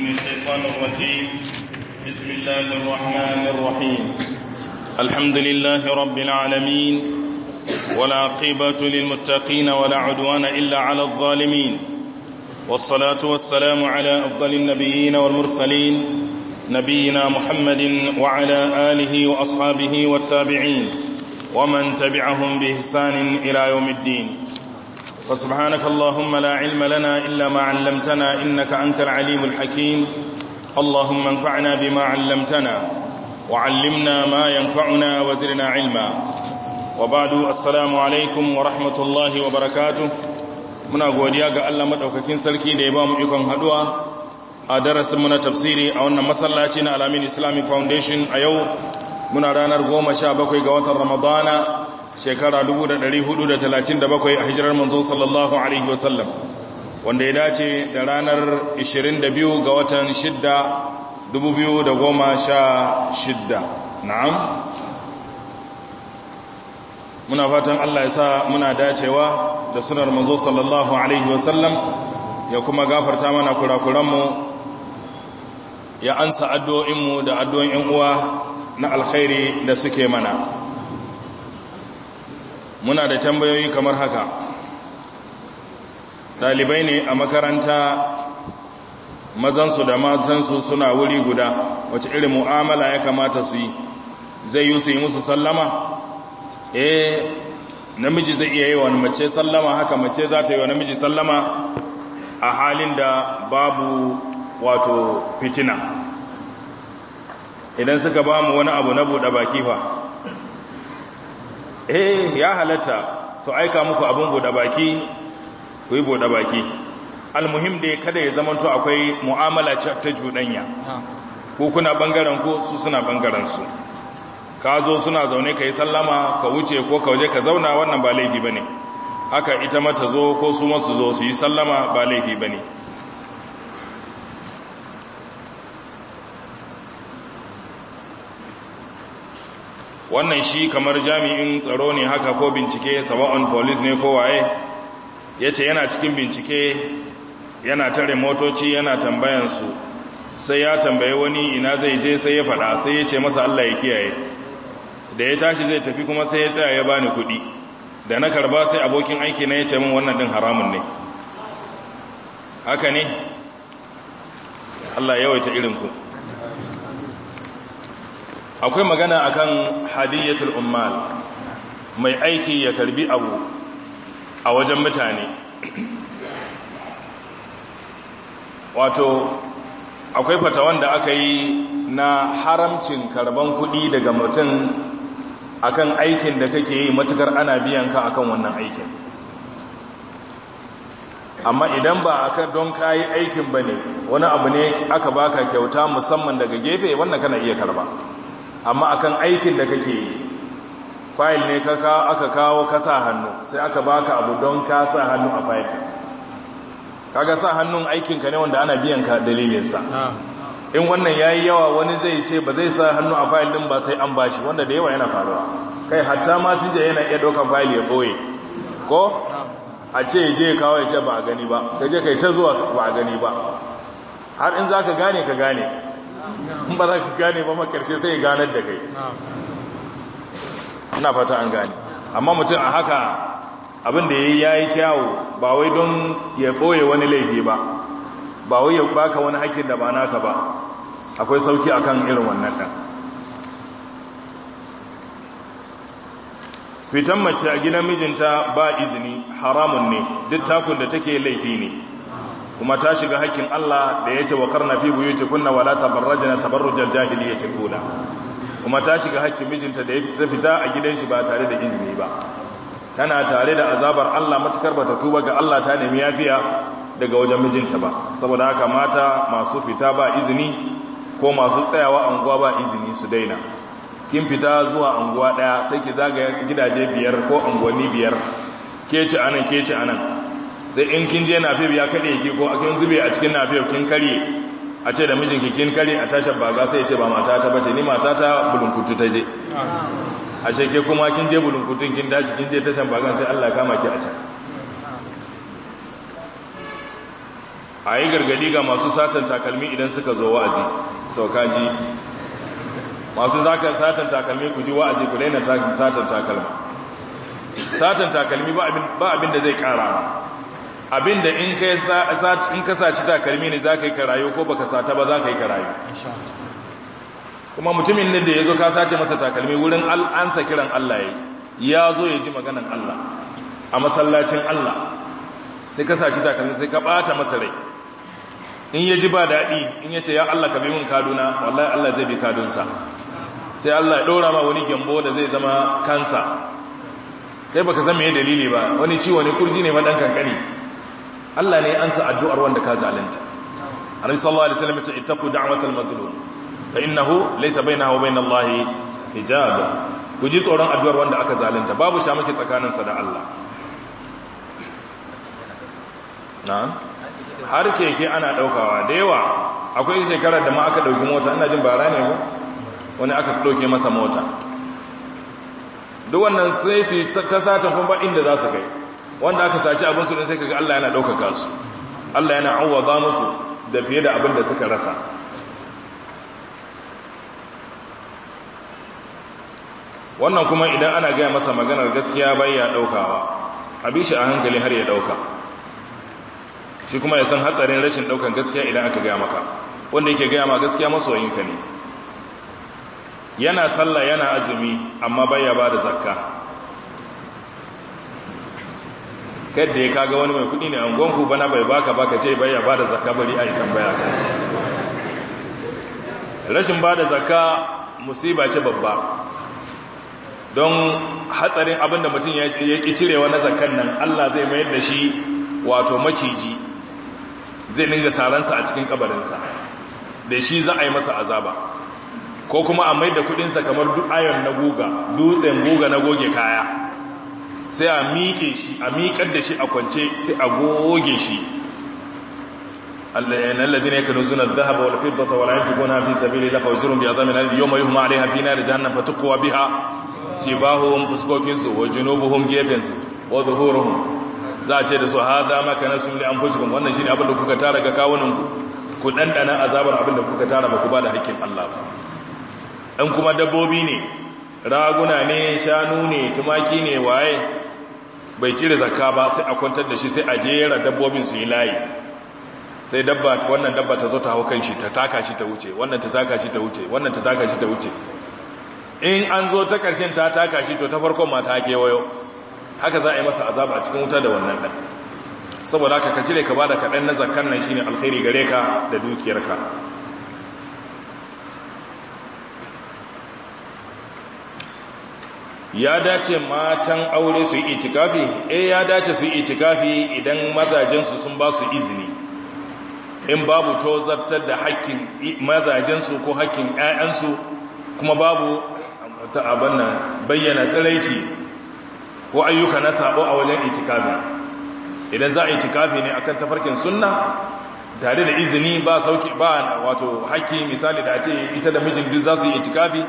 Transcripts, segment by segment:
من الشيطان الرجيم بسم الله الرحمن الرحيم الحمد لله رب العالمين ولا عقبة للمتقين ولا عدوان إلا على الظالمين والصلاة والسلام على أفضل النبيين والمرسلين نبينا محمد وعلى آله وأصحابه والتابعين ومن تبعهم بإحسان إلى يوم الدين فسبحانك اللهم لا علم لنا إلا ما علمتنا إنك أنت العليم الحكيم اللهم انفعنا بما علمتنا وعلمنا ما ينفعنا وزرنا علما وبعد السلام عليكم ورحمة الله وبركاته muna godiya ga Allah madaukakin sarki da ya ba mu ikon haduwa a darasin mu na tafsiri a wannan masallacin Alamin Islamic Foundation a yau muna ranar bakwai ga watan Ramadana shekara 437 a hijirar manzo sallallahu alaihi wasallam wanda ya dace da ranar 22 ga watan 6 2016 na'am muna fatan Allah ya sa muna dacewa da sunar manzo sallallahu alaihi wasallam ya kuma gafarta mana kurakuranmu ya ansa addu'o'inmu da addu'o'in uwa na alkhairi da suke mana muna da tambayoyi kamar haka ɗalibai ne a makaranta mazansu da matansu suna wuri guda wace irin mu'amala ya kamata su yi zai yi su yi musu sallama eh namiji zai iya yi wa mace sallama haka mace za ta yi wa namiji sallama a halin da babu wato fitina idan suka ba mu wani abu na buɗe baki fa eh ya halatta su aika muku abin bude baki ku yi bude baki almuhim da kada ya zamanto akwai mu'amala ta juɗanya ko kuna bangaren ko su suna bangaren su ka zo suna zaune ka yi sallama ka wuce ko ka waje ka zauna wannan ba laifi ba haka ita mata zo ko su masu zo su yi sallama ba laifi bane wannan shi kamar jami'in tsaro ne haka ko bincike sawa'un police ne ko waye ya ce yana cikin bincike yana tare motoci yana tambayansu sai ya tambaye wani ina zai je sai ya faɗa sai ya ce masa Allah ya kiyaye da ya tashi zai tafi kuma sai ya tsaya ya bani kuɗi da na karba sai abokin aiki na ya ce min wannan din haramun ne haka ne Allah ya yawaita irinku akwai magana akan hadiyatul ummal mai aiki ya karbi abu a wajen mutane wato akwai fata wanda aka yi na haramcin karban kudi daga mutum akan aikin da kake yi matukar ana biyan ka akan wannan aikin amma idan ba aka don kayi aikin bane wani abu ne aka baka kyauta musamman daga gefe wannan kana iya karba amma akan aikin da kake yi fayil ne aka kawo kasa hannu sai aka baka abu don ka sa hannu a fayil kaga sa hannun aikin ka ne wanda ana biyan ka dalilin sa ah. in wannan yayi yawa wani zai ce ba zai sa hannu a fayil din ba sai an bashi wanda da yawa yana faruwa kai hatta ma sun je yana iya daukan fayil ya boye ko a ce je kawo ya ce ba a gani ba ka je kai ta zuwa ba a gani ba har in zaka gane ka gane in ba za ka gane ba makarshe sai ganar da kai na fata an gane amma mutum a haka abin da ya yi kyawo ba wai don ya ɓoye wani laifi ba ba wai ya baka wani haƙƙin da ba naka ba akwai sauki akan irin wannan ɗan fitan mace a gina mijinta ba izini haramun ne duk takun da take laifi ne kuma ta shiga hakkin Allah da ya ce wa karna fi kunna wala jahili ya ce kula kuma ta shiga hakkin mijinta da ya fita a gidan shi ba tare da izini ba tana tare da azabar Allah matukar bata tuba ga Allah ta nemi yafiya daga wajen mijinta ba saboda haka mata masu fita ba izini ko masu tsayawa anguwa ba izini su daina kin fita zuwa anguwa daya sai ki zagaya gidaje biyar ko anguwanni biyar ke ci anan ke ci anan sai in kin je nafiyar ya kade ki ko kin zube a cikin nafiyar kin kare a ce da mijinki kin kare a tashin baza sai ya ce ba matata bace ni matata bulunkutu ta je a ke kuma kin je bulunkutun kin dace kin je tashin ba sai Allah kama ki a can a yi gargadi ga masu satan takalmi idan suka zo wa'azi to kaji masu zakan satan takalmi ku ji wa'azi ku daina satan takalma satan takalmi ba abin da zai kara abinda in ka in ka saci takalmi ne zaka yi rayu ko baka sata ba zaka yi karayo kuma mutumin ne da yazo ka sace masa takalmi wurin ansa kiran Allah yayi yazo ya ji maganan Allah a masallacin Allah sai ka saci takalmi sai ka bata masa rai in ya ji ba daɗi in yace ya Allah ka bi min kaduna wallahi Allah zai bi kadunsa sai Allah ya ɗaura ma wani gyambo da zai zama kansa kai baka san me dalili ba wani ciwo ne kurji ne ma dan kankani Allah ne ansa addu'ar wanda ka zalunta Annabi sallallahu alaihi wasallam ya ce ittaqu da'watal mazlum fa innahu laysa bainaha wa bainal lahi hijab ku ji tsoron addu'ar wanda aka zalunta babu sha muke tsakaninsa da Allah na har keke ana daukawa da yawa akwai shekarar da ma aka dauki mota ina jin bara ne mu wani aka dauke masa mota duk wannan sai su ta satan kuma ba inda za su kai wanda aka saci abin su ne sai kaga Allah yana ɗaukaka su Allah yana awwaza musu da fiye da abin da suka rasa wannan kuma idan ana gaya masa maganar gaskiya bai ya ɗaukawa a a hankali har ya ɗauka shi kuma ya san hatsarin rashin ɗaukan gaskiya idan aka gaya maka wanda yake gaya ma gaskiya masoyinka ne yana sallah yana azumi amma baya ba da zakka kada ya kaga wani mai kudi ne an gwanku bana bai baka baka ce bai ya ba da zakka bari a yi tambaya rashin ba da zakka musiba ce babba don hatsarin abinda mutum ya ƙi cire wani zakan nan allah zai mayar da shi wato maciji zai ninga saransa a cikin kabarinsa da shi za a yi masa azaba ko kuma a mai da kudinsa kamar duk ayon na guga dutsen guga na goge kaya sai a miƙe shi a miƙar da shi a kwance sai a goge shi alladhina yakunzuna adh-dhahaba wal fiddata wa la yunfiquna fi sabilillahi fa yuzurun bi adhamin al-yawma yuhma 'alayha fi nar jahannam fatuqwa biha jibahum fuskokin su wa junubuhum gefen su wa dhuhuruhum za a ce da su hadha ma kana sun li anfusikum wannan shine abin da kuka tara ga kawunan ku ku dandana azabar abin da kuka tara ba ku ba da haƙƙin Allah ba dan kuma dabbobi ne raguna ne shanu ne tumaki ne waye bai cire zakka ba sai a kwantar da shi sai a jera dabbobin su yi layi sai dabba wannan dabba ta zo ta hau shi ta taka shi ta wuce wannan ta taka shi ta wuce wannan ta taka shi ta wuce in an zo ta karshen ta taka shi to ta farkon ma ta kewayo haka za a yi masa azaba a cikin wuta da wannan dan. saboda haka ka cire ka ba da kaɗan na zakkan nan shine alkhairi gare ka da dukiyarka ya dace matan aure su yi itikafi eh ya dace su yi itikafi idan mazajensu sun ba su izini in babu to zartar da hakkin mazajensu ko hakkin ƴaƴansu kuma babu ta abanna bayyana tsiraici ko ayyuka na sabo a wajen itikafi idan za a itikafi ne akan tafarkin sunna tare da izini ba sauki ba wato hakki misali da a ce ita da mijin duk za su yi itikafi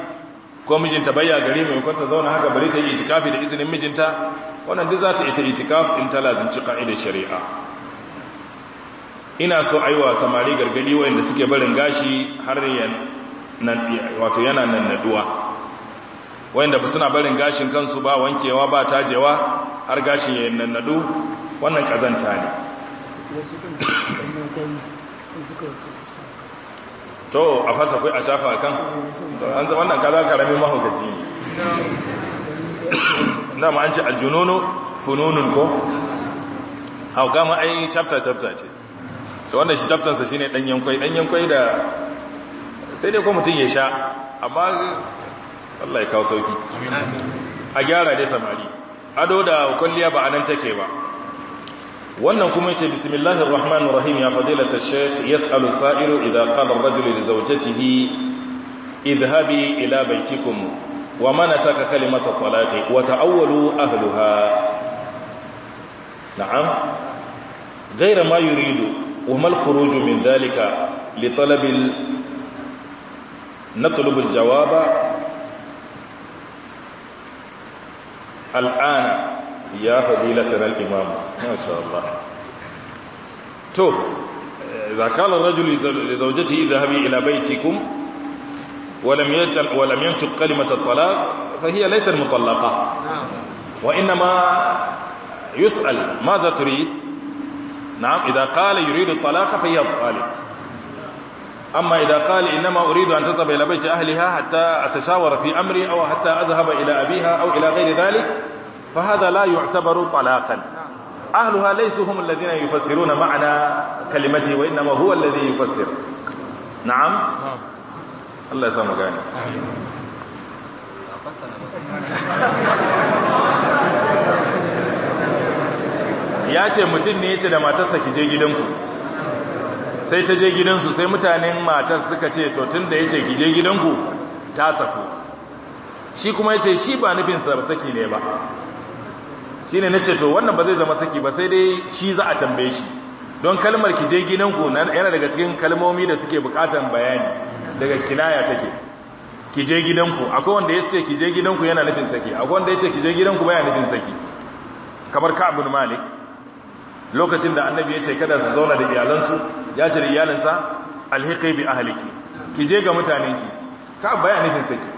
ko mijinta bayya gari mai kwanta zauna haka bari ta yi itikafi da izinin mijinta wannan duk za ta ita itikaf in ta lazimci ka'idar shari'a ina so a yi wa samari gargadi wayanda suke barin gashi har wato yana nan wayanda ba suna barin gashin kansu ba wankewa ba tajewa har gashin ya nan nadu wannan kazanta ne to a fasa kai a shafa kan an zama wannan kaza karamin mahaukaci ne ma an ce aljununu fununun ko hauka ma ai chapter chapter ce to wannan shi chapter sa shine dan yankwai dan yankwai da sai dai ko mutun ya sha amma Allah ya kawo sauki a gyara dai samari ado da kulliya ba anan take ba wannan kuma yace bismillahir rahmanir rahim ya fadilata shaykh yas'alu sa'ilu idha qala ar-rajulu li zawjatihi idhhabi ila baytikum wa man ataka kalimata talaqi wa ta'awwalu ahliha na'am ghayra ma yuridu wa mal khuruju min dhalika li talabil natlubu al-jawaba al-ana ya fadilatana al-imam ما شاء الله تو إذا قال الرجل لزوجته اذهبي إلى بيتكم ولم ولم ينطق كلمة الطلاق فهي ليست مطلقة وإنما يسأل ماذا تريد نعم إذا قال يريد الطلاق فهي الطالق أما إذا قال إنما أريد أن تذهب إلى بيت أهلها حتى أتشاور في أمري أو حتى أذهب إلى أبيها أو إلى غير ذلك فهذا لا يعتبر طلاقا ahluha laysu hum alladhina yufassiruna ma'ana kalimati wa inma huwa alladhi yufassir na'am Allah ya samu gani ya ce mutum ne ya ce da matarsa ki je gidanku sai ta je gidansu sai mutanen matar suka ce to tun da ya ce ki je gidanku ta saku shi kuma ya ce shi ba nufinsa saki ne ba Shi ne na ce to wannan ba zai zama saki ba sai dai shi za a tambaye shi don kalmar ki je gidan ku yana daga cikin kalmomi da suke bukatan bayani daga kinaya take ki je gidan ku akwai wanda ya ce ki je gidan ku yana nufin saki akwai wanda ya ce ki je gidan ku baya nufin saki kamar ka abu Malik lokacin da annabi ya ce kada su zauna da iyalansu ya ce da iyalinsa alhiqi bi ahliki ki je ga ki. ka baya nufin saki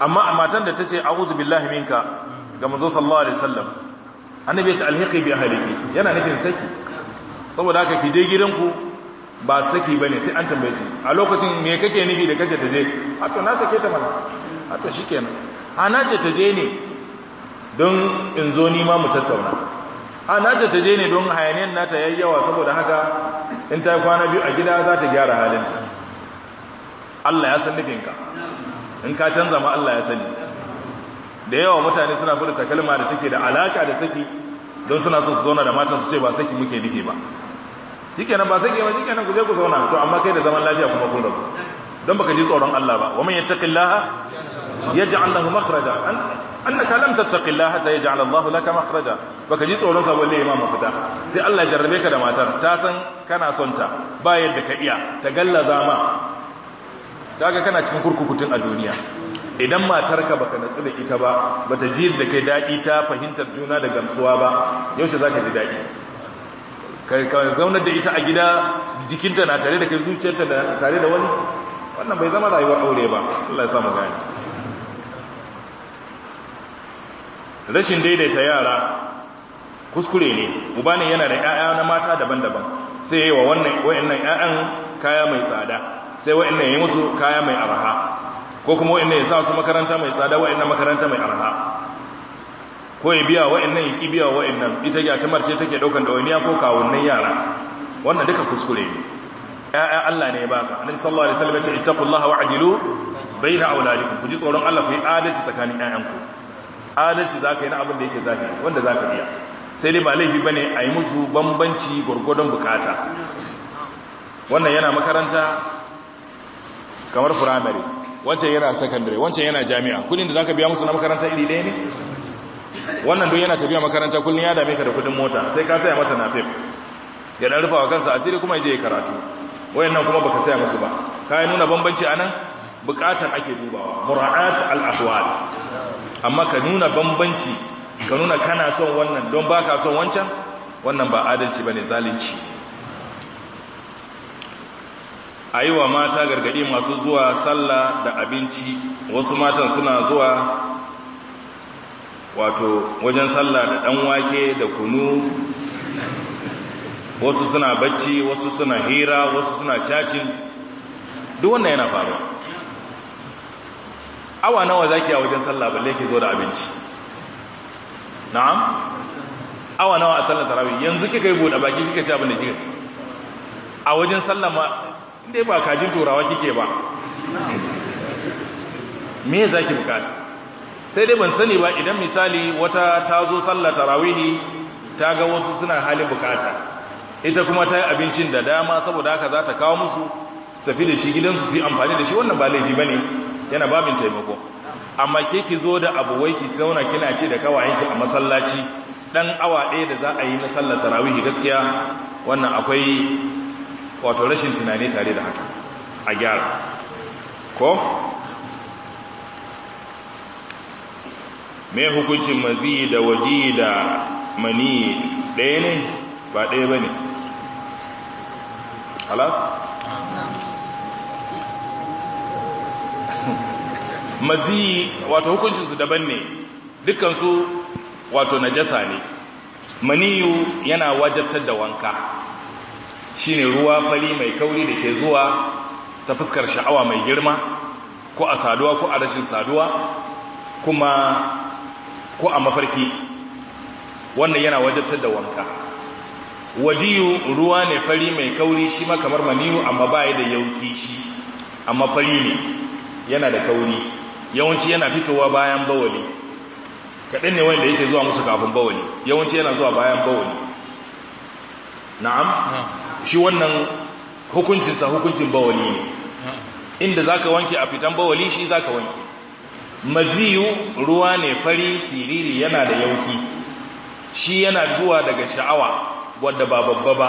amma matan da ta ce a'udhu billahi minka ga manzo sallallahu alaihi wasallam annabi ya ce alhiqi bi ahliki yana nufin saki saboda haka ki je gidanku ba saki bane sai an tambaye shi a lokacin me kake nufi da kace ta je a to na sake ta mana a to shikenan na ce ta je ne don in zo ni ma mu tattauna na ce ta je ne don hayaniyar nata yayyawa saboda haka in ta kwana biyu a gida za ta gyara halinta Allah ya san nufinka in ka canza ma Allah ya sani da yawa mutane suna furta takalma da take da alaka da saki don suna so su zauna da matan su ce ba saki muke nufi ba nan ba saki ba nan ku je ku zauna to amma kai da zaman lafiya kuma kun rabu don baka ji tsoron Allah ba wa man yattaqillaha yaj'al lahu makhraja annaka lam tattaqillaha ta yaj'al Allah laka makhraja baka ji tsoron sa wallahi imam fita sai Allah ya jarrabe ka da matar ta san kana son ta ba yadda ka iya ta galla zama kaga kana cikin kurkukutun a duniya idan matarka baka natsu da ita ba bata ji da kai daɗi ta fahimtar juna da gamsuwa ba yaushe za ka ji daɗi ka zaunar da ita a gida jikinta na tare da kai zuciyarta tare da wani wannan bai zama rayuwar aure ba Allah ya sa mu gani rashin daidaita yara kuskure ne uba yana da 'ya'ya na mata daban-daban sai yayi wa wannan wayannan 'ya'yan kaya mai tsada sai wayannan yayi musu kaya mai arha. ko kuma wa'in ya sa su makaranta mai tsada wa'in makaranta mai arha ko ya biya wa'in nan ya ƙi biya wa'in nan ita ya tamar ce take ɗaukan ɗawainiya ko kawunan yara wannan duka kuskure ne ya'ya Allah ne ya baka annabi sallallahu alaihi wasallam ya ce ittaqullaha wa'dilu baina auladikum ku ji tsoron Allah ku yi adalci tsakanin ƴaƴanku adalci zaka yi na abin da yake zaka wanda za ka iya sai dai ba laifi ba ne a yi musu bambanci gwargwadon bukata wannan yana makaranta kamar firamare wancan yana secondary wancan yana jami'a kudin da zaka biya musu na makaranta iri ɗaya ne wannan don yana tafiya makaranta kullum ya dame ka da kudin mota sai ka saya masa nafif ya dan rufawa kansa asiri kuma ya je karatu wayannan kuma baka saya musu ba kai nuna bambanci nan bukatar ake dubawa mura'at al-ahwal amma ka nuna bambanci ka nuna kana son wannan don baka son wancan wannan ba adalci bane zalunci a yi wa mata gargaɗi masu zuwa sallah da abinci wasu matan suna zuwa wato wajen sallah da ɗan wake da kunu wasu suna bacci wasu suna hira wasu suna cacin duk wannan yana faruwa awa nawa zaki a wajen sallah balle ki zo da abinci na'am awa nawa a sallar tarawih yanzu kika yi buɗe baki kika ci abin da kika ci a wajen sallah ma inda ba kajin turawa kike ba me za ki bukata sai dai ban sani ba idan misali wata ta zo sallah tarawihi ta ga wasu suna halin bukata ita kuma ta yi abincin da dama saboda haka za ta kawo musu su tafi da shi gidansu su yi amfani da shi wannan ba laifi ba ne yana babin taimako amma ke ki zo da abu wai ki zauna kina ce da kawayenki a masallaci dan awa ɗaya da za a yi na sallata tarawihi gaskiya wannan akwai wato rashin tunani tare da haka a gyara ko mai hukuncin mazi da waje da mani ɗaya ne ba ɗaya ba ne alas? mazi wato hukuncinsu daban ne dukansu wato najasa ne maniyu yana wajabtar da wanka Shi ne ruwa fari mai kauri da ke zuwa ta fuskar sha'awa mai girma ko a saduwa ko a rashin saduwa kuma ko a mafarki wannan yana wajabtar da wanka wajiyu ruwa ne fari mai kauri shi ma kamar maniyu amma baya da yauki shi amma fari ne yana da kauri yawanci yana fitowa bayan bawali kaɗin ne wanda yake zuwa musu kafin bawali yawanci yana zuwa bayan bawali na'am shi wannan hukuncinsa hukuncin bawali ne inda zaka wanke a fitan bawali shi zaka wanke maziyu ruwa ne fari siriri yana da yauki shi yana zuwa daga sha'awa wadda ba babba ba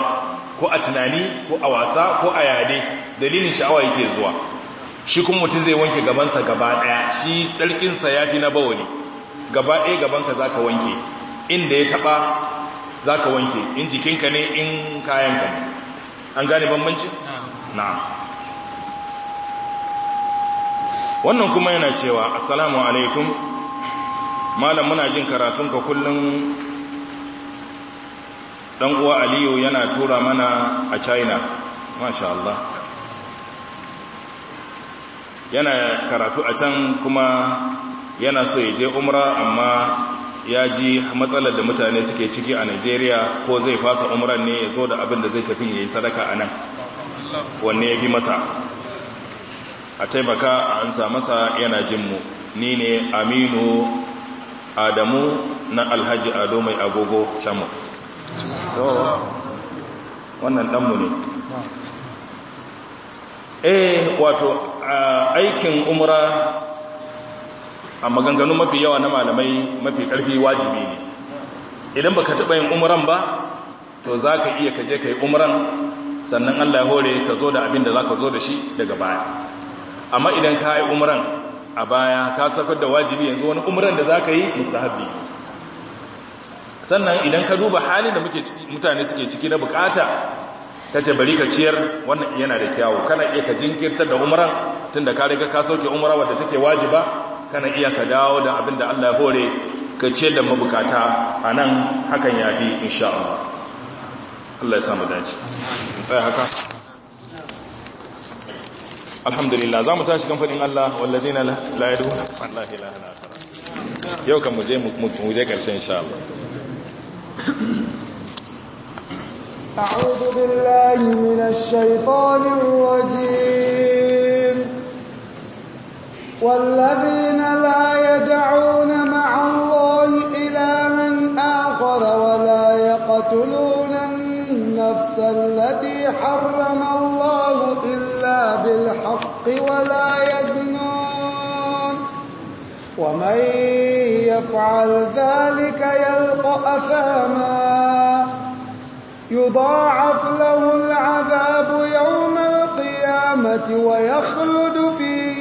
ko a tunani ko a wasa ko a yade dalilin sha'awa yake zuwa shi kuma mutum zai wanke gabansa gaba daya shi tsarkinsa ya fi na bawali gaba daya gabanka za ka wanke inda ya taba za ka wanke in jikinka ne in kayanka ne an gane bambanci na'am wannan kuma yana cewa assalamu alaikum malam muna jin karatun ka kullum dan uwa aliyu yana tura mana a china masha Allah yana karatu a can kuma yana so ya je umra amma ya ji matsalar da mutane suke ciki a Najeriya ko zai fasa umran ne ya zo da abin da zai tafi ya yi sadaka a nan wanne ya fi masa a taimaka a ansa masa yana jinmu ni ne aminu adamu na alhaji ado mai agogo canmu wannan ɗanmu ne eh wato aikin umra a maganganu mafi yawa na malamai mafi karfi wajibi ne idan baka taɓa yin umuran ba to za ka iya kaje ka yi umaran sannan allah hore ka zo da abin da za ka zo da shi daga baya amma idan ka yi a baya ka safar da wajibi yanzu wani umran da za ka yi mustahabi sannan idan ka duba halin da mutane suke ciki na bukata ta ce bari ka ciyar wannan yana da kyawu kana iya ka jinkirtar da umaran tunda da ka riga ka sauke umara wadda take wajiba kana iya ka dawo da abin da Allah hore ka ce da mabukata a nan hakan ya fi insha Allah Allah ya samu daji tsaye haka alhamdulillah za mu tashi kan faɗin Allah wallazi na la'idu Allah ya lahana yau kan mu je mu je ƙarshen insha Allah أعوذ بالله من الشيطان الرجيم والذين لا يدعون مع الله إلى من آخر ولا يقتلون النفس التي حرم الله إلا بالحق ولا يزنون ومن يفعل ذلك يلقى أثاما يضاعف له العذاب يوم القيامة ويخلد فيه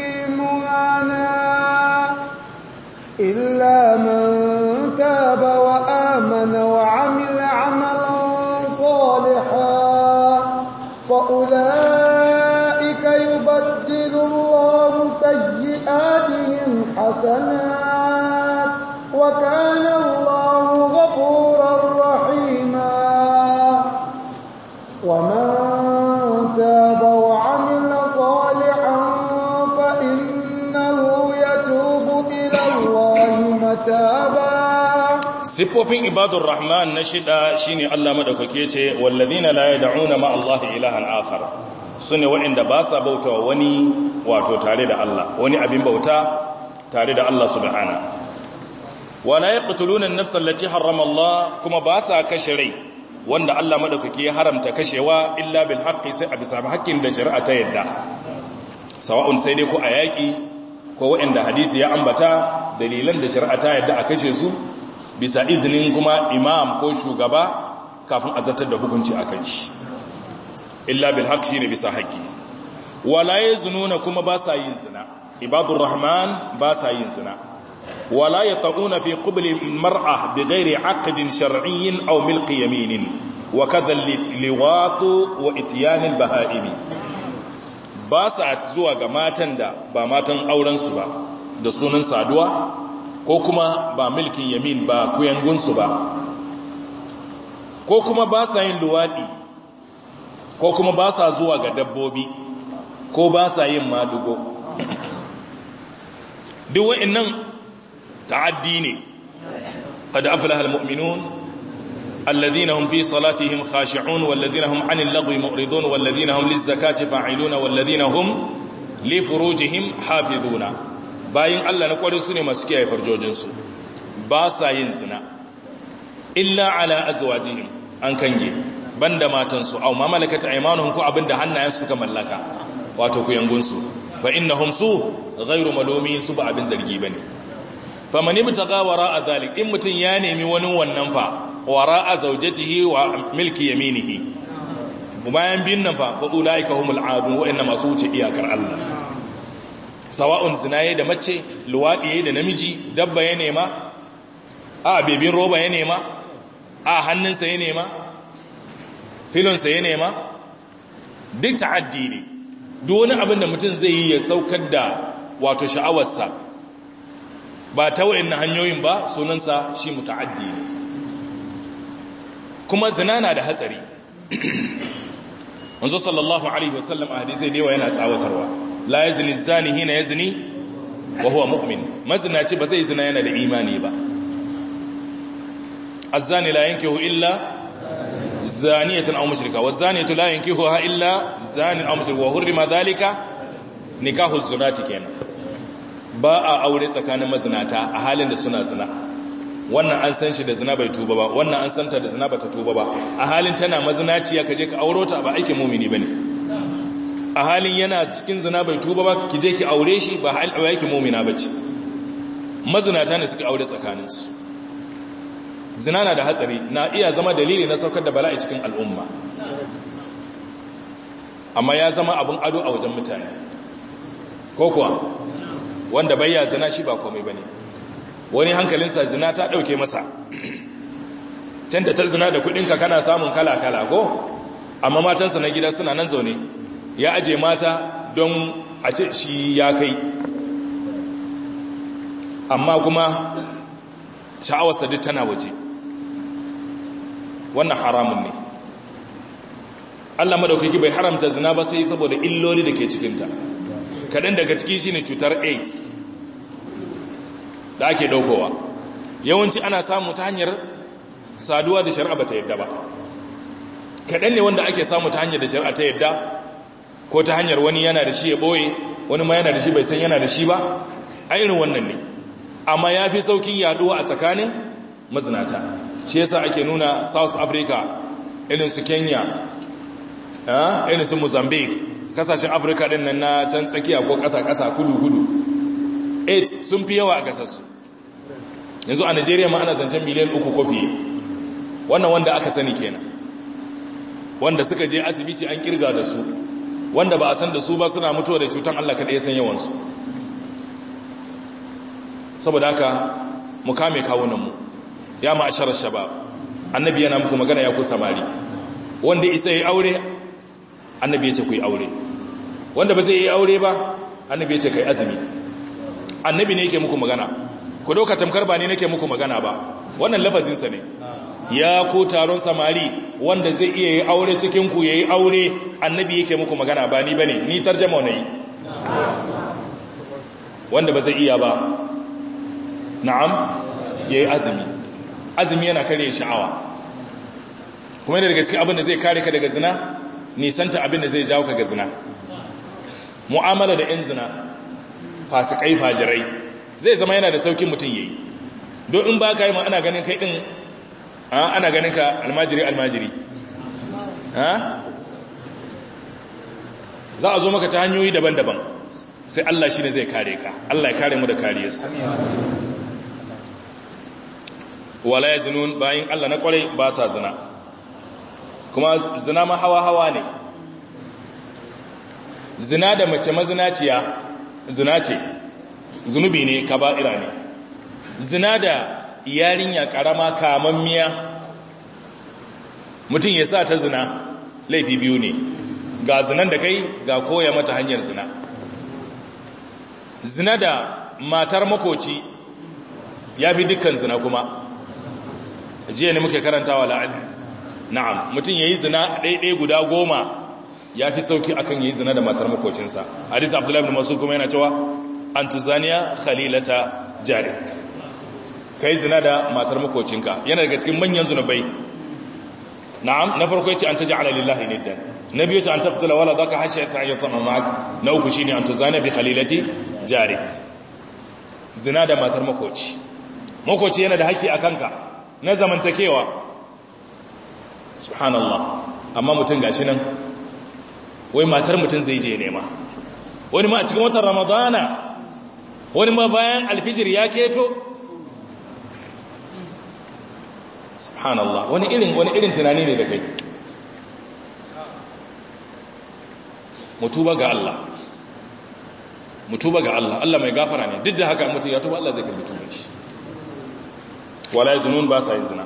إلا من تاب وآمن وعمل عملا صالحا فأولئك يبدل الله سيئاتهم حسنات وكان الله مَّرْتَابًا sifofin ibadur rahman na shida shine Allah madaukake ce wallazina la yad'una ma Allah ilahan akhar sune waɗanda ba sa bautawa wani wato tare da Allah wani abin bauta tare da Allah subhana wa la yaqtuluna an-nafs allati harrama Allah kuma ba sa kashe rai wanda Allah madaukake ya haramta kashewa illa bil haqqi sai a bisa haƙƙin da shari'a ta yadda sawa'un sai dai ko a yaƙi ko waɗanda hadisi ya ambata dalilan da shari'a ta yadda a kashe su bisa izinin kuma imam ko shugaba kafin a zartar da hukunci a kan shi illa bil haqqi ne bisa haƙi wala yaznuna kuma ba sa yin zina ibadur rahman ba sa yin zina wala yata'una fi qibli mar'a bighairi aqdin shar'iyyin aw milqi yaminin wa kadha liwaqu wa ityan al baha'imi ba sa zuwa ga matan da ba matan aurensu ba da sunan saduwa ko kuma ba milkin yamin ba kuyangunsu ba ko kuma ba sa yin luwaɗi ko kuma ba sa zuwa ga dabbobi ko ba sa yin madugo duk wa'in nan ta'addi ne قد أفلح mu'minun الذين هم في صلاتهم خاشعون والذين هم عن اللغو مؤرضون والذين هم للزكاة فاعلون والذين هم لفروجهم حافظون باين الله نقرئ سني مسكيه فرجوجنسو با ساين زنا الا banda matansu aw mamalakat aymanuhum ko abinda hannayen suka mallaka wato ku yangun su fa innahum su ghayru malumin su ba abin zargi ba ne. man ibtaga wara'a zalik in mutum ya nemi wani wannan fa wara'a zaujatihi wa milki yaminihi bayan bin nan fa fa ulaika humul adun masu wuce iyakar Allah sawa'un zinaye da mace luwaɗiye da namiji dabba ya nema a bebin roba ya nema a hannunsa ya nema filonsa ya nema duk ta'addi ne duk wani abin da mutum zai yi ya saukar da wato sha'awarsa ba ta wa'in hanyoyin ba sunansa shi ta'addi ne kuma zina na da hatsari wanzu sallallahu alaihi wasallam a hadisai da yawa yana tsawatarwa la ya zini zani hina ya zini wa huwa mu'min ce ba zai zina yana da imani ba zani la yankihu illa zaniyatan aw mushrika wa zaniyatu la ha illa zani aw mushrik wa hurrima dhalika nikahu zunati kenan ba a aure tsakanin mazinata a halin da suna zina wannan an san shi da zina bai tuba ba wannan an santa da zina ba ta tuba ba a halin tana mazinaciya ka je ka auro ta ba aikin mumini ba ne a halin yana cikin zina bai tuba ba ki je ki aure shi ba aikin mumina ba ce mazinata ne suka aure tsakaninsu zina na da hatsari na iya zama dalili na saukar da bala'i cikin al'umma amma ya zama abun ado a wajen mutane ko kuwa wanda bayyana zina shi ba komai ba ne wani hankalinsa zina ta ɗauke masa can da ta zina da kuɗinka kana samun kala-kala ko amma matansa na gida suna nan zaune ya aje mata don a ce shi ya kai amma kuma sha'awarsa duk tana waje wannan haramun ne Allah madaukaki bai haramta zina ba sai saboda illoli da ke cikinta kaɗan daga ciki ne cutar aids da ake daukowa yawanci ana samu ta hanyar saduwa da shari'a bata yadda ba kaɗan ne wanda ake samu ta hanyar da shari'a ta yadda ko ta hanyar wani yana da shi ya ɓoye wani ma yana da shi bai san yana da shi ba a irin wannan ne amma ya fi saukin yaduwa a tsakanin mazinata shi yasa ake nuna south africa irin su kenya eh, irin su mozambique kasashen afirka din nan na can tsakiya ko ƙasa-ƙasa kudu-kudu 8 sun fi yawa a gasassu yanzu a nigeria ma ana zancen miliyan uku ko fiye wannan wanda aka sani kenan wanda suka je asibiti an kirga da su wanda ba a san da su ba suna mutuwa da cutan allah kaɗai ya san yawansu saboda haka mu kame kawunanmu ya ma'asharar shabab annabi yana muku magana ya ku samari wanda isa ya aure annabi ya ce ku yi aure wanda ba zai yi aure ba annabi ya ce kai azumi annabi ne yake muku magana ku dauka tamkar ba ne nake muku magana ba wannan lafazinsa ne ya ku taron samari wanda zai iya yi aure cikin ku yayi aure annabi yake muku magana ba ni bane ni tarjuma ne wanda ba zai iya ba na'am yayi azumi azumi yana kare sha'awa kuma daga cikin abin da zai kare ka daga zina nisanta abin da zai jawo ka ga zina mu'amala da 'yan zina fasikai fajirai zai zama yana da saukin mutum yayi don in ba ka yi ma ana ganin kai din ana ganin ka almajiri almajiri za a zo maka ta hanyoyi daban-daban sai Allah shi ne zai kare ka Allah ya kare mu da kariyarsa wala ya zinun bayan Allah na kwarai ba sa zina kuma zina ma hawa-hawa ne zina da mace mazinaciya zina ce zunubi ne ka kaba'ira ne zina da yarinya karama kamammiya mutum ya sa ta zina laifi biyu ne ga zinan da kai ga koya mata hanyar zina zina da matar makoci ya fi dukkan zina kuma jiya ne muke karantawa la'adu na'am mutum ya yi zina ɗaiɗai guda goma ya fi sauki kan yi zina da matar makocinsa hadis abdullahi bin masu kuma yana cewa antuzaniya khalilata jarik yi zina da matar makocinka yana daga cikin manyan zunubai na'am na farko yace an ala lillahi niddan na biyu yace an taqtula wala daka hashyata ayyatan ma'ak na uku shine antuzaniya bi khalilati jarik zina da matar makoci makoci yana da haƙƙi a kanka na zamantakewa subhanallah amma mutum gashi nan wai matar mutum zai je nema wani ma a cikin watan ramadana wani ma bayan alfijir ya keto subhanallah wani irin wani irin tunani ne da kai mutuba ga Allah mutuba ga Allah Allah mai gafara ne duk da haka mutum ya tuba Allah zai karbi tuba shi wala yazunun ba sa yin zina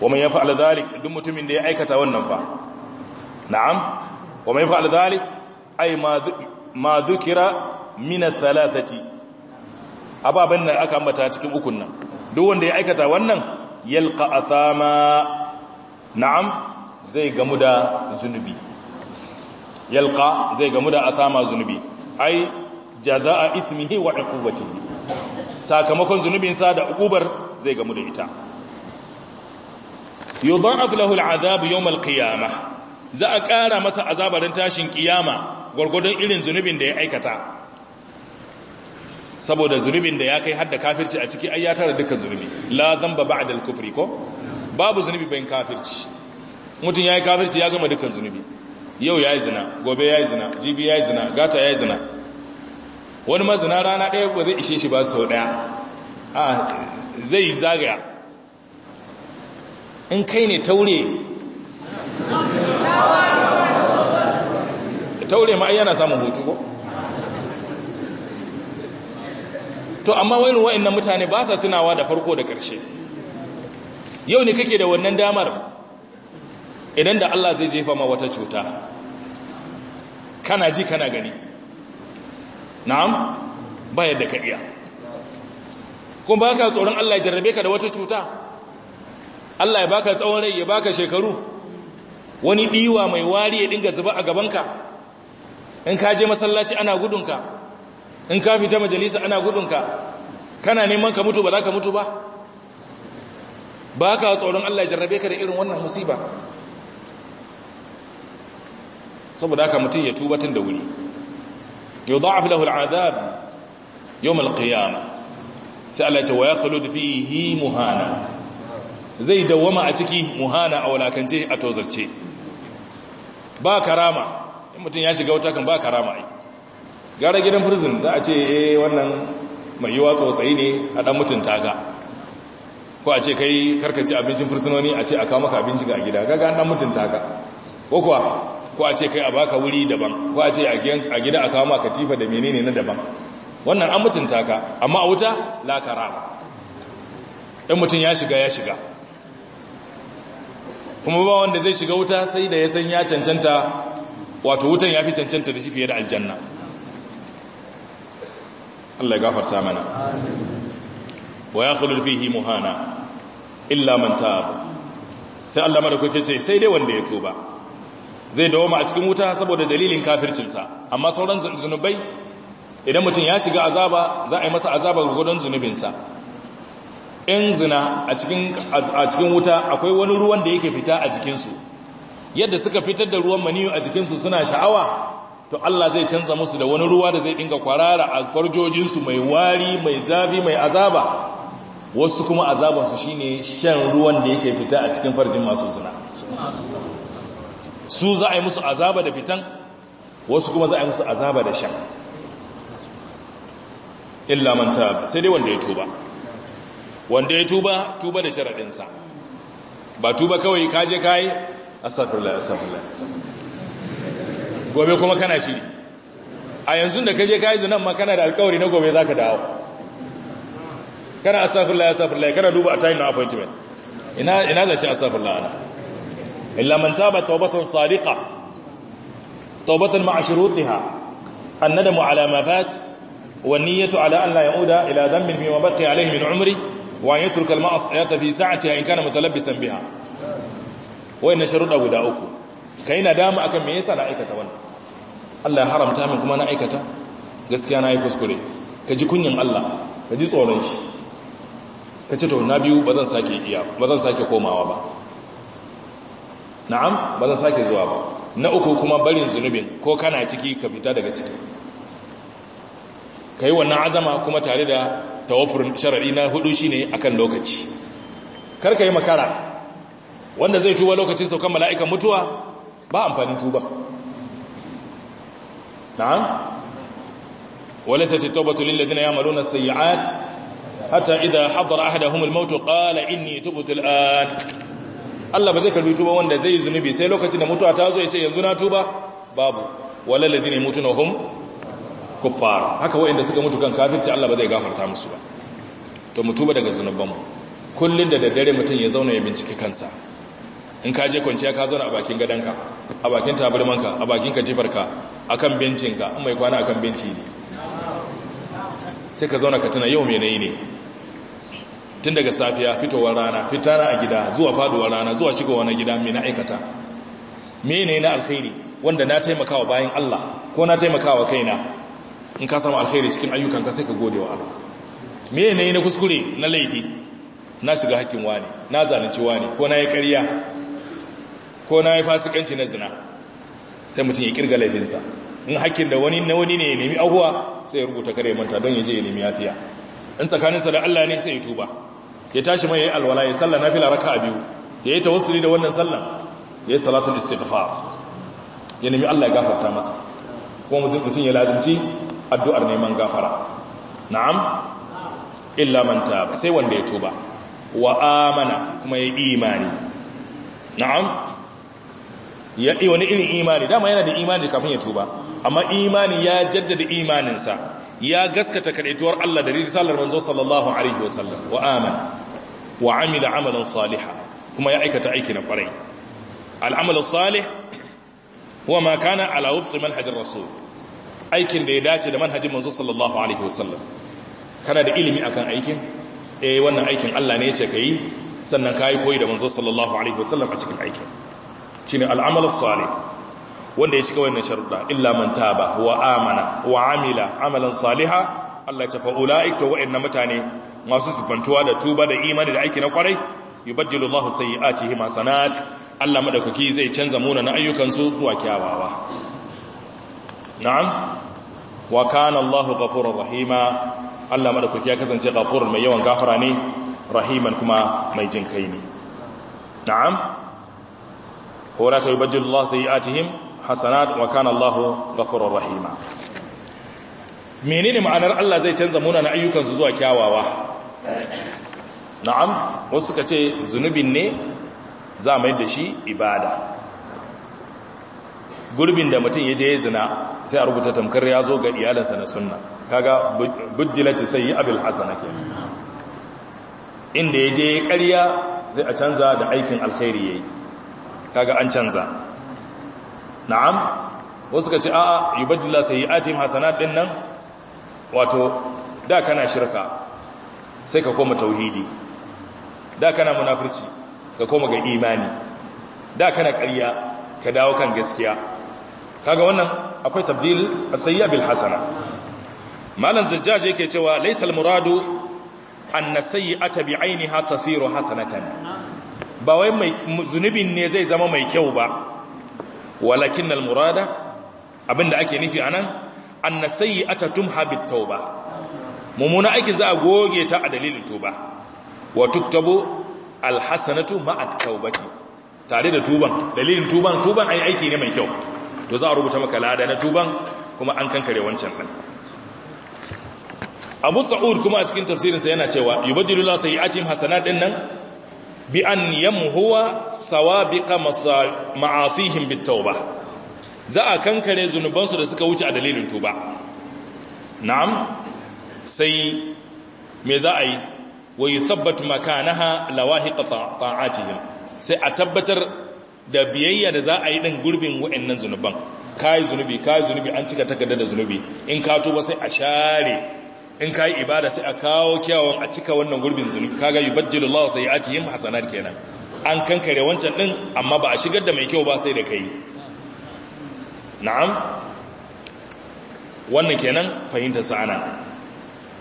wa man yaf'al dhalik duk mutumin da ya aikata wannan fa na'am wa mai fa'al zalik ai ma zukira mina talatati ababen nan aka ambata cikin ukun nan duk wanda ya aikata wannan yalqa athama na'am zai gamu da zunubi yalka zai gamu da athama zunubi ai a ithmihi wa ikubatin sakamakon zunubinsa da ukubar zai gamu da ita yudha'af lahu lahul azabu yau malkiyama za a ƙara masa azabarin tashin ƙiyama gwargwadon irin zunubin da ya aikata saboda zunubin da ya kai hada kafirci a ciki ai ya tara duka zunubi la zamba ba'da al-kufri ko babu zunubi bayan kafirci mutum ya yi kafirci ya gama dukan zunubi yau ya yi zina gobe ya yi zina jibi ya yi zina gata ya yi zina wani mazina rana ɗaya ba zai ishe shi ba sau ɗaya a zai zagaya in kai ne taure taure ma ai yana samun hutu ko to amma wani wa'annan mutane ba sa tunawa da farko da ƙarshe yau ne kake da wannan damar idan da Allah zai jefa ma wata cuta kana ji kana gani na'am ba yadda ka iya kuma ba ka tsoron Allah ya jarrabe ka da wata cuta Allah ya baka tsawon rai ya baka shekaru wani diwa mai wari ya dinga zuba a gabanka in ka je masallaci ana gudunka in ka fita majalisa ana gudunka kana neman ka mutu ba za ka mutu ba ba ka tsoron Allah ya jarrabe ka da irin wannan musiba saboda haka mutum ya tuba tun da wuri a fi lahul azab yau qiyamah sai Allah ya ce wa yakhlud fihi muhana zai dawama a ciki muhana a walakance a tozarce ba karama in mutum ya shiga wuta kan ba karama yi gara gidan prison za a ce eh wannan mai yiwa tsotsayi ne a dan mutum ka ko a ce kai karkace abincin fursunoni a ce a kawo maka abinci ga gida gaga an dan mutunta ka ko kuwa ko a ce kai a baka wuri daban ko a ce a gida a kawo maka tifa da menene na daban wannan an mutum ka amma a wuta la karama in mutum ya shiga ya shiga kuma ba wanda zai shiga wuta sai da ya san ya cancanta wato wutan ya fi cancanta da shi fiye da aljanna Allah ya gafarta mana wa ya khulul fihi muhana illa man taab sai Allah kuke ce sai dai wanda ya tuba zai dawoma a cikin wuta saboda dalilin kafircinsa amma sauran zunubai idan mutum ya shiga azaba za a yi masa azaba gudun zunubinsa 'yan zina a cikin wuta akwai wani ruwan da yake fita a jikinsu yadda suka fitar da ruwan maniyu a jikinsu suna sha'awa to Allah zai canza musu da wani ruwa da zai dinga kwarara a kwarjojinsu mai wari mai zafi mai azaba wasu kuma azabansu shine shan ruwan da yake fita a cikin farjin masu zina su za a yi musu azaba da fitan wasu kuma za a yi musu azaba da shan illa manta sai dai wanda ya tuba wanda ya tuba tuba da sharaɗinsa ba tuba kawai kaje kayi astagfirullah astagfirullah gobe kuma kana shiri a yanzu da kaje kayi zinan ma kana da alkawari na gobe zaka dawo kana astagfirullah astagfirullah kana duba a time na appointment ina ina zace astagfirullah ana illa man taba tawbatan sadiqa tawbatan ma'a shurutiha annadamu ala ma fat والنية على أن لا يعود إلى ذنب فيما بقي alayhi min umri. wa yatruk al-ma'siyata fi sa'atiha in kana mutalabbisan biha wayannan sharuda guda uku kai na dama akan me yasa na aikata wannan Allah ya haramta min kuma na aikata gaskiya na yi kuskure ka ji kunyin Allah ka ji tsoron shi ka ce to na biyu ba zan sake iya ba zan sake komawa ba na'am ba zan sake zuwa ba na uku kuma barin zunubin ko kana ciki ka fita daga ciki ka yi wannan azama kuma tare da tawafurin shar'i na hudu shine akan lokaci karka yi makara wanda zai tuba lokacin saukan mala'ikan mutuwa ba amfanin tuba na'am walaysat at-tawbatu lil ladina ya'maluna as-sayyi'at hatta idha hadara ahaduhum al-maut qala inni tubtu al-an Allah ba zai karbi tuba wanda zai yi zunubi sai lokacin da mutuwa ta zo ya ce yanzu na tuba babu walal ladina yamutuna hum kuffara haka waɗanda suka mutu kan kafirci Allah ba zai gafarta musu ba to mu tuba daga zunubanmu kullun da daddare mutum ya zauna ya bincike kansa in ka je kwanciya ka zauna a bakin gadanka a bakin tabarmanka a bakin katifarka akan bincinka an mai kwana akan benci ne sai ka zauna ka tuna yau menene ne tun daga safiya fitowar rana fitana a gida zuwa faduwar rana zuwa shigowa na gida mai na aikata mene na alkhairi wanda na taimakawa bayan Allah ko na taimakawa kaina in ka samu alkhairi cikin ayyukan ka sai ka gode wa Allah me ne na kuskure na laifi na shiga hakkin wani na zalunci wani ko na yi ƙarya ko na yi fasikanci na zina sai mutum ya kirga laifinsa in hakkin da wani na wani ne ya nemi ahuwa sai ya rubuta kare manta don ya je ya nemi yafiya in tsakaninsa da Allah ne sai ya tuba ya tashi mai alwala ya sallah nafila raka biyu ya yi tawassuli da wannan sallah ya yi salatul istighfar ya nemi Allah ya gafarta masa kuma mutum ya lazimci addu'ar neman gafara na'am illa manta ba sai wanda ya tuba wa amana kuma ya imani na'am ya wani irin imani dama yana da imani kafin ya tuba amma imani ya jaddada imaninsa ya gaskata kadaituwar Allah da risalar manzo sallallahu alaihi wasallam wa amana wa amila amalan salihan kuma ya aikata aiki na kwarai al'amalu salih huwa ma kana ala aikin da ya dace da manhajin manzo sallallahu alaihi wasallam kana da ilimi akan aikin eh wannan aikin Allah ne ya ce kai sannan kai koyi da manzo sallallahu alaihi wasallam a cikin aikin shine al'amal salih wanda ya cika wannan sharuda illa man taba wa amana wa amila amalan saliha Allah ta fa'ula'ik to wa'in mutane masu sifantuwa da tuba da imani da aiki na kwarai, yubaddilu Allah sai a masanat, Allah maɗaukaki zai canza muna na su zuwa kyawawa. Na'am? wa kana Allahu ghafurur rahima Allah madaukaki ya kasance ghafurur mai yawan gafara ne rahiman kuma mai jin kai ne na'am horaka yubaddilu Allah sayiatihim hasanat wa kana Allahu ghafurur rahima menene ma'anar Allah zai canza munanan ayyukansu zuwa kyawawa na'am wasu suka ce zunubin ne za mai da shi ibada gurbin da mutum ya je ya zina sai a rubuta tamkar ya zo ga iyalinsa na sunna kaga bujjilati sai abul hasana ke inda ya je ya ƙarya zai a canza da aikin alkhairi yayi kaga an canza na'am wasu ka ce a'a yubaddila sayyi'atihim hasanat din nan wato da kana shirka sai ka koma tauhidi da kana munafurci ka koma ga imani da kana ƙarya ka dawo kan gaskiya kaga wannan akwai tabdil asayya bil hasana malan zajjaj yake cewa laysal muradu an sayyi'ata bi 'ainiha tasiru hasanatan ba wai mai zunubin ne zai zama mai kyau ba walakin al murada abinda ake nufi anan an sayyi'ata tumha bit tauba mumuna aikin za a goge ta a dalilin tuba wa tuktabu al hasanatu ma'a tawbati tare da tuban dalilin tuban tuban ai aiki ne mai kyau to za a rubuta maka lada na tuban kuma an kankare wancan ɗan abu sa'ud kuma a cikin tafsirinsa yana cewa yubadilu la sayyi'atin hasanat din nan bi an yamhuwa sawabiqa ma'asihim bitauba za a kankare zunubansu da suka wuce a dalilin tuba na'am sai me za a yi wa yuthabbat makanaha lawahiq ta'atihim sai a tabbatar da biyayya da za a yi din gurbin wa'annan zunuban ka yi zunubi ka yi zunubi an cika takarda da zunubi in ka tuba sai a share in ka yi ibada sai a kawo kyawun a cika wannan gurbin zunubi kaga sai ati yin hasanar kenan an kankare wancan ɗin amma ba a shigar da mai kyau ba sai da ka yi. na'am wannan kenan fahimtar sa'ana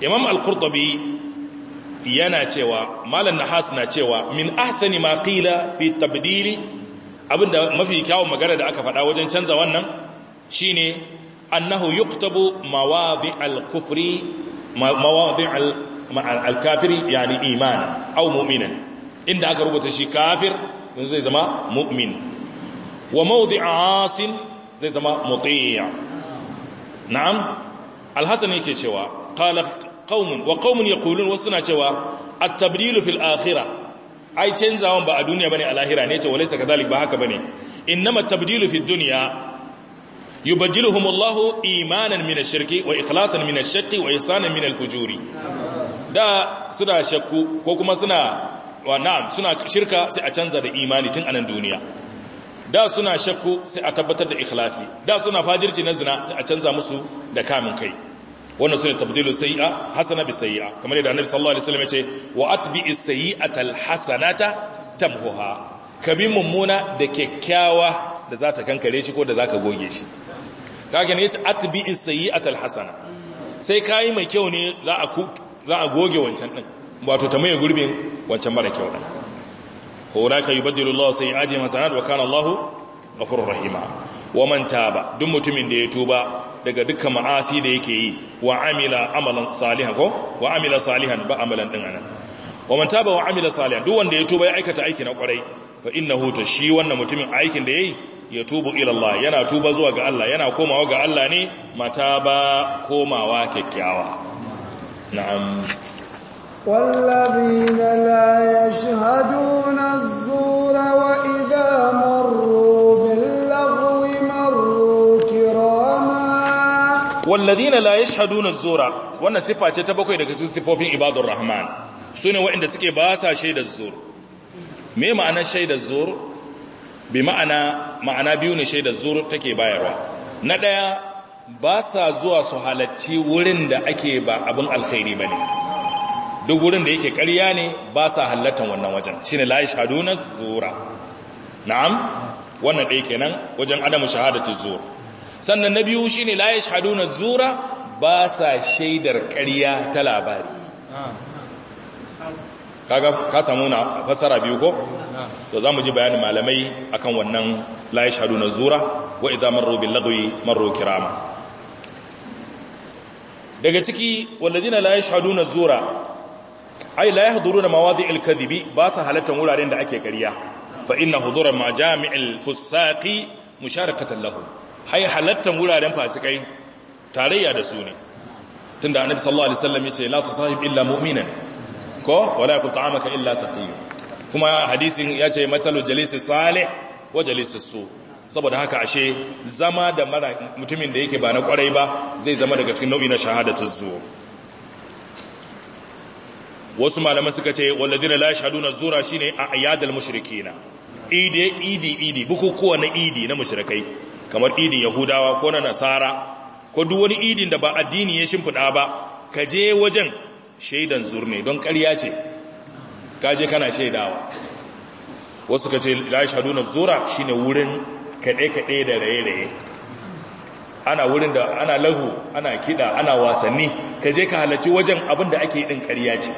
imam al-qurtubi yana cewa malam nahas na cewa min ahsani ma qila fi tabdili abinda mafi kyawun magana da aka faɗa wajen canza wannan shine annahu yuktabu mawadi al-kufri mawadi al-kafiri yani iman au mu'minan inda aka rubuta shi kafir zai zama mu'min wa mawdi'a asin zai zama muti' na'am al-hasan yake cewa qala qaumun wa qaumun yaqulun wasuna cewa at-tabdil fil akhirah ai canzawan ba a duniya bane a lahira ne ce walaysa kadhalik ba haka bane innama tabdilu fi dunya yubaddiluhum Allah imanan min ash-shirki wa ikhlasan min ash wa ihsanan min al-fujuri da suna shakku ko kuma suna wa na'am suna shirka sai a canza da imani tun anan duniya da suna shakku sai a tabbatar da ikhlasi da suna fajirci na zina sai a canza musu da kamin kai wannan sune tabdilu sayi'a hasana bi sayi'a kamar yadda annabi sallallahu alaihi wasallam ya ce wa as sayi'ata al-hasanata tamhuha kabi mummuna da kyakkyawa da za ta kankare shi ko da za ka goge shi kage ne yace as sayi'ata al-hasana sai kai mai kyau ne za a za a goge wancan din wato ta mai gurbin wancan mara kyau din ko da ka yubaddilu Allah sayi'ati hasanat wa kana Allahu ghafurur rahima wa man taba duk mutumin da ya tuba daga dukkan ma'asi da yake yi wa amila amalan salihan ko wa amila salihan ba amalan din anan wa man taba wa amila salihan duk wanda ya tuba ya aikata aiki na kwarai fa innahu to shi wannan mutumin aikin da yayi ya tubu ila Allah yana tuba zuwa ga Allah yana komawa ga Allah ne mata ba komawa kyakkyawa na'am yashhaduna az-zura wa idh walladina la yashhaduna zura wannan sifa ce ta bakwai daga cikin sifofin ibadur rahman sune waɗanda suke ba sa shaidar zuru me ma'anar shaidar zuru bi ma'ana ma'ana biyu ne shaidar zuru take bayarwa na daya ba sa zuwa su halacci wurin da ake ba abin alkhairi bane duk wurin da yake ƙarya ne ba sa halattan wannan wajen shine la yashhaduna zura na'am wannan ɗaya kenan wajen adamu shahadatu zuru sannan na biyu shine la haduna zura ba sa shaidar ƙarya ta labari kaga ka samu na fasara biyu ko to mu ji bayanin malamai akan wannan la haduna zura wa idza marru bil lagwi kirama daga ciki walladina la haduna zura ai la yahduruna mawadi' al ba sa halattan wuraren da ake ƙarya fa inna hudura majami'il fusaqi musharakatan lahu hai halattan wuraren fasikai tarayya da su ne tunda annabi sallallahu alaihi wasallam yace la tusahib illa mu'minan ko wala yakul ta'amaka illa taqiy kuma hadisin yace matalu jalisi salih wa jalisi su saboda haka ashe zama da mara mutumin da yake ba na kwarai ba zai zama daga cikin nau'i na shahadatu zuwa wasu malaman suka ce walladina la yashhaduna zura shine a ayyadal mushrikina idi idi idi bukukuwa na idi na mushrikai kamar idin yahudawa ko na nasara ko duk wani idin da ba addini ya shimfiɗa ba ka je wajen shaidan zurne don ƙarya ce ka je kana shaidawa wasu ka ce la zura shine wurin kaɗe-kaɗe da raye-raye ana wurin da ana lahu ana kiɗa ana wasanni ka je ka halarci wajen abin da ake ɗin karya ce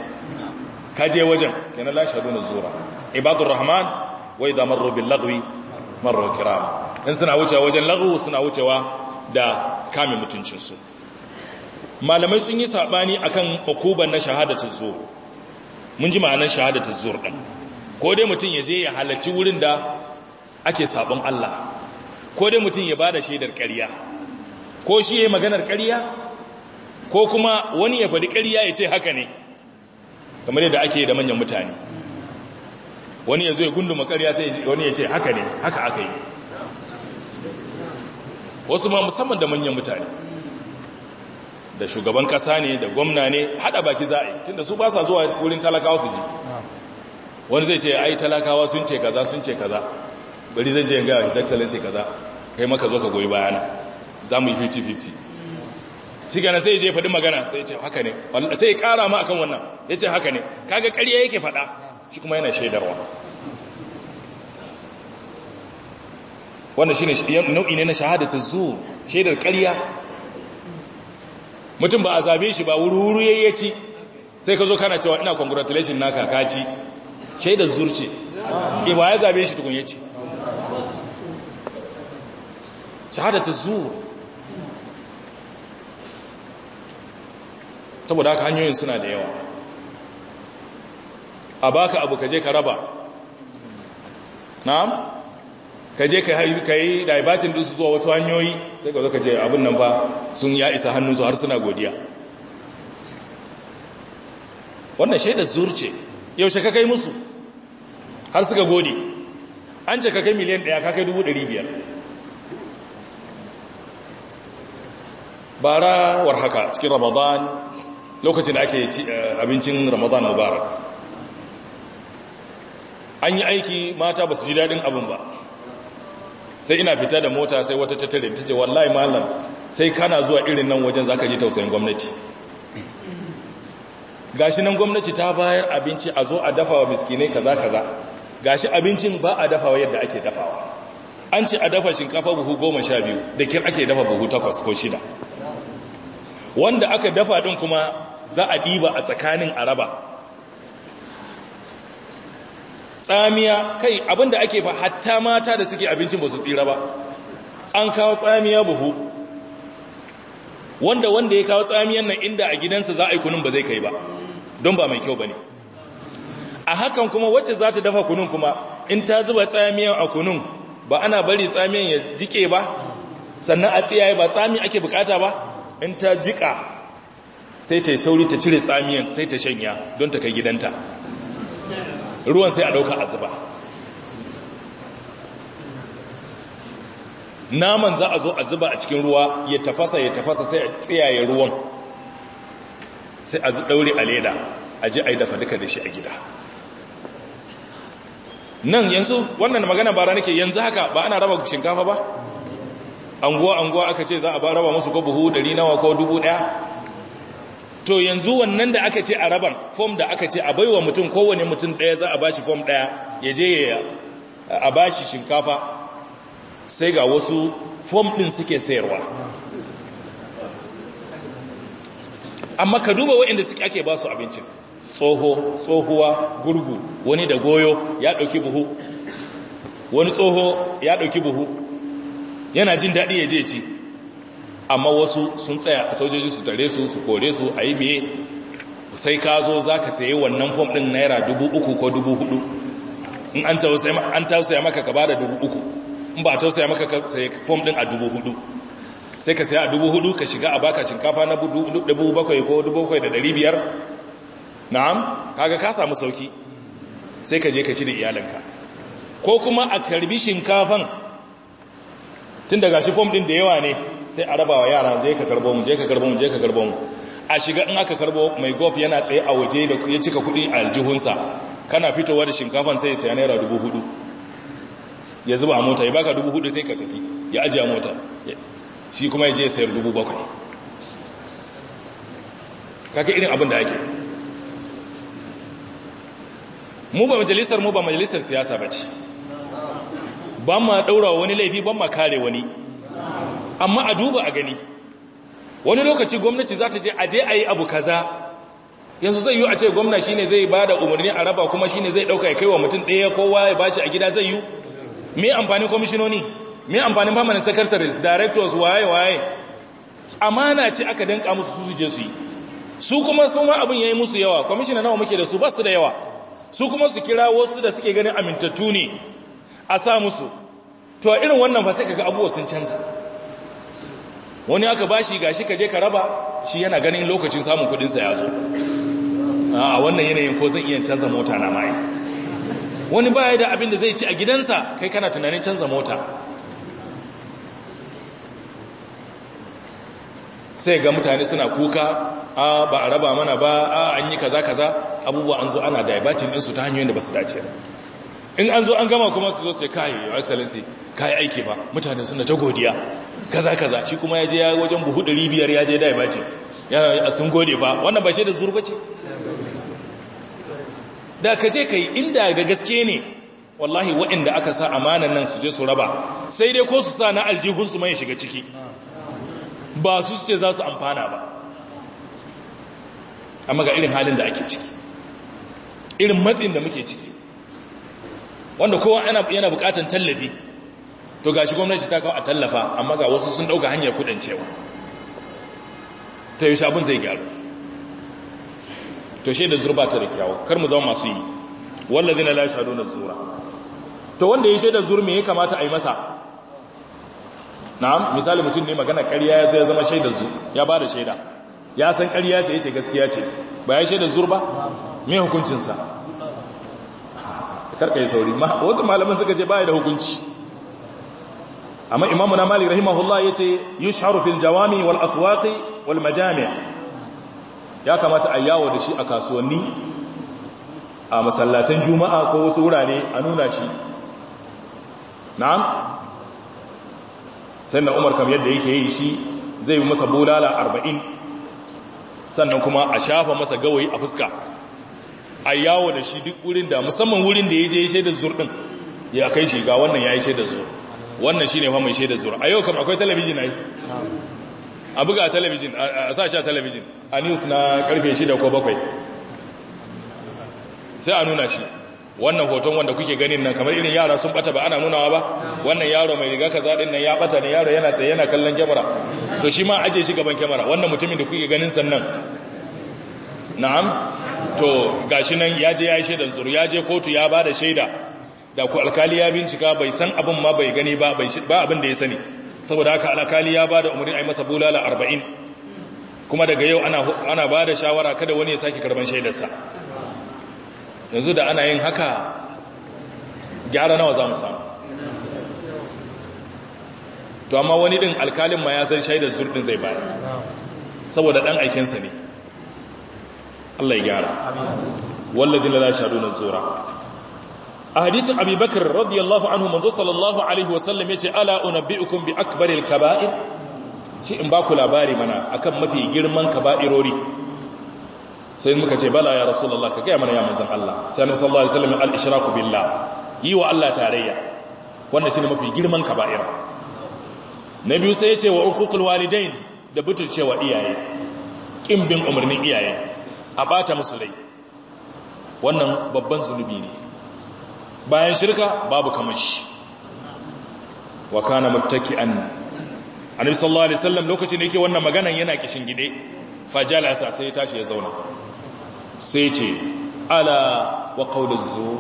ka je wajen kenan la zura ibadur rahman wai idza robin lagwi marar kirama in suna wucewa wajen lagu suna wucewa da kame mutuncinsu malamai sun yi saɓani kan hukubar na shahadatun zuwa mun ji ma'anar shahadatun zuwa ɗan. ko dai mutum ya je ya halarci wurin da ake sabon Allah ko dai mutum ya ba da shaidar ƙarya ko shi ya yi maganar ƙarya ko kuma wani ya faɗi ƙarya ya ce haka ne kamar yadda ake da manyan mutane wani ya zo ya gunduma karya sai wani ya ce haka ne haka aka yi wasu ma musamman da manyan mutane da shugaban kasa ne da gwamna ne hada baki za a yi tunda su ba sa zuwa wurin talakawa su ji wani zai ce ai talakawa sun ce kaza sun ce kaza bari zan je ga his excellency kaza kai maka zo ka goyi bayana za mu yi 50-50 shi gana sai je faɗi magana sai ce haka ne sai ya kara ma akan wannan ya ce haka ne kaga ƙarya yake faɗa shi kuma yana shaidarwa wanda shi ne nau'i ne na shahadatu zuwa shaidar ƙarya mutum ba a zabe shi ba wuri-wuri ci sai ka zo kana cewa ina congratulation naka kaci shaidar zurce e eh, ba ya zabe shi tukun ya ci shahadatu zuwa saboda haka hanyoyin suna da yawa a baka abu ka je ka raba na'am ka je ka yi daibatin su zuwa wasu hanyoyi sai ka zo ka abin nan ba sun ya isa hannunsu har suna godiya wannan shaidar zurce yaushe ka kai musu har suka gode an ce ka kai miliyan ɗaya ka kai dubu dari biyar bara war haka cikin ramadan lokacin da ake eh, abincin ramadan mubarak an yi aiki mata ba su ji daɗin abin ba sai ina fita da mota sai wata tattalin ta ce wallahi malam sai kana zuwa irin nan wajen zaka ji tausayin gwamnati gashi nan gwamnati ta bayar abinci a zo a dafa wa miskinai kaza kaza gashi abincin ba a dafawa yadda ake dafawa an ce a dafa shinkafa buhu goma sha biyu da kir ake dafa buhu takwas ko shida wanda aka dafa din kuma za a ɗiba a tsakanin araba tsamiya kai abinda ake fa hatta mata da suke abincin ba su tsira ba an kawo tsamiya buhu wanda wanda ya kawo tsamiyan nan inda a gidansa za a yi kunun ba zai kai ba don ba mai kyau ba ne a hakan kuma wacce za ta dafa kunun kuma in ta zuba tsamiyan a kunun ba ana bari tsamiyan ya jike ba sannan a tsiyaye ba tsami ake bukata ba in ta jika sai ta yi sauri ta cire tsamiyan sai ta shanya don ta kai gidanta ruwan sai a ɗauka a zuba naman za a zo a zuba a cikin ruwa ya tafasa ya tafasa sai a tsiyaye ruwan sai a daure a leda a je a yi dafa duka da shi a gida nan yanzu wannan magana bara nake yanzu haka ba ana raba shinkafa ba anguwa anguwa aka ce za a ba raba masu ko buhu dari nawa ko dubu daya to yanzu wannan da aka ce a raban fom da aka ce a baiwa mutum kowane mutum ɗaya za a bashi fom ɗaya ya je ya a bashi shinkafa sai ga wasu fom ɗin suke sayarwa amma ka duba waɗanda suke ake ba su abincin tsoho tsohuwa gurgu wani da goyo ya ɗauki buhu wani tsoho ya ɗauki buhu yana jin daɗi ya je ci amma wasu sun tsaya a sojoji su tare su su kore su a yi biye sai ka zo za ka sayi wannan fom ɗin naira dubu uku ko dubu hudu in an tausaya maka ka bada dubu uku in ba tausaya maka ka sayi fom ɗin a dubu hudu sai ka saya a dubu hudu ka shiga a baka shinkafa na dubu bakwai ko dubu bakwai da dari biyar na'am kaga ka samu sauki sai ka je ka ci da iyalinka ko kuma a karbi shinkafan tun daga shi fom ɗin da yawa ne sai a rabawa yara zai ka karbo mu zai ka karbo mu zai ka karbo mu a shiga in aka karbo mai golf yana tsaye a waje da ya cika kudi a aljihunsa kana fitowa da shinkafan sai sai naira dubu hudu ya zuba mota ya baka dubu hudu sai ka tafi ya ajiye mota shi kuma ya je sayar dubu bakwai kaka irin abin da ake mu ba majalisar mu ba majalisar siyasa ba ce ban ma daura wani laifi ban ma kare wani amma a duba a gani wani lokaci gwamnati za ta je aje a yi abu kaza yanzu zai yi a ce gwamna shine zai ba da umarni a raba kuma shine zai dauka ya kai wa mutum ɗaya kowa ya bashi a gida zai yi me amfani kwamishinoni me amfanin permanent secretaries directors waye waye amana ce aka danka musu su je su yi su kuma sun ma abin yi musu yawa kwamishina nawa muke da su ba su da yawa su kuma su kira wasu da suke ganin amintattu ne a sa musu to a irin wannan fa sai kaga abubuwa sun canza wani aka ba shi gashi ka je ka raba shi yana ganin lokacin samun kudinsa ya zo a wannan yanayin ko zan iya canza mota na mai wani ba ya da abin da zai ci a gidansa kai kana tunanin canza mota sai ga mutane suna kuka a ba a raba mana ba a an yi kaza kaza abubuwa an zo ana daibatin ɗinsu ta hanyoyin da ba su dace in an zo an gama kuma su zo sai kai excellency kai aiki ba mutane suna ta godiya kaza kaza shi kuma ya je ya wajen buhu 500 ya je daibati ya sun gode ba wannan ba shi da zurba ce da ka je kai inda ga gaske ne wallahi waɗanda aka sa amanan nan su je su raba sai dai ko su sa na aljihun su mai shiga ciki ba su ce za su amfana ba amma ga irin halin da ake ciki irin matsin da muke ciki wanda kowa yana bukatan tallafi to gashi gwamnati ta kawo a tallafa amma ga wasu sun dauka hanyar kudin cewa ta yi abin zai gyaru to shi da zurba ta da kyawu kar mu zama masu yi wallazi na shaɗo na zura to wanda ya shaidar zurmi ya kamata a yi masa na'am misali mutum ne magana ƙarya ya zo ya zama shaidar zu ya ba da shaida ya san ƙarya ce yace gaskiya ce ba ya shaidar zur ba me hukuncinsa karka yi sauri ma wasu malamin suka ce ba da hukunci amma imamu na malik rahimahullah ya ce yi sharufin jawami wal aswaqi wal majami' ya kamata a yawo da shi a kasuwanni a masallatan juma'a ko wasu wurare a nuna shi na'am sannan umar kam yadda yake yi shi zai yi masa bulala arba'in sannan kuma a shafa masa gawayi a fuska a yawo da shi duk wurin da musamman wurin da ya je ya shaidar zurɗin ɗin ya kai shi ga wannan ya yi shaidar zurɗin wannan shine fa mai shaidar zura a yau kam akwai talabijin ai a buga a talabijin a sa shi a talabijin a news na karfe 6 ko 7 sai a nuna shi wannan hoton wanda kuke ganin nan kamar irin yara sun bata ba ana nunawa ba wannan yaro mai riga kaza din nan ya bata ne yaro yana tsaye yana kallon kyamara to shi ma aje shi gaban kyamara wannan mutumin da kuke ganin sannan na'am to gashi nan ya je ya yi shaidan tsoro ya je kotu ya ba da shaida da ku alkali ya bincika bai san abin ma bai gani ba ba abin da ya sani saboda haka alkali ya ba da umarni a yi masa bulala arba'in kuma daga yau ana ba da shawara kada wani ya sake karban shaidarsa yanzu da ana yin haka gyara nawa za mu samu to amma wani din alkalin ma ya san shaidar zurɗin zai bayar saboda ɗan aikinsa ne Allah ya gyara wallazina la shaduna zura a hadisin abubakar radiyallahu anhu manzo sallallahu alaihi wasallam ya ce ala unabbi'ukum bi akbaril kaba'ir shi in ba ku labari mana akan mafi girman kaba'irori sai muka ce bala ya rasulullah ka gaya mana ya manzan Allah sai annabi sallallahu alaihi wasallam al-ishraku billah yi wa Allah tarayya wannan shine mafi girman kaba'ir na biyu sai ya ce wa uququl walidain da butulcewa iyaye kin bin umarnin iyaye a bata musulai wannan babban zunubi ne bayan shirka babu kamar shi wa kana an annabi sallallahu alaihi wasallam lokacin da yake wannan maganan yana kishin gide fajalasa sai ya tashi ya zauna sai ce ala wa qawlu zu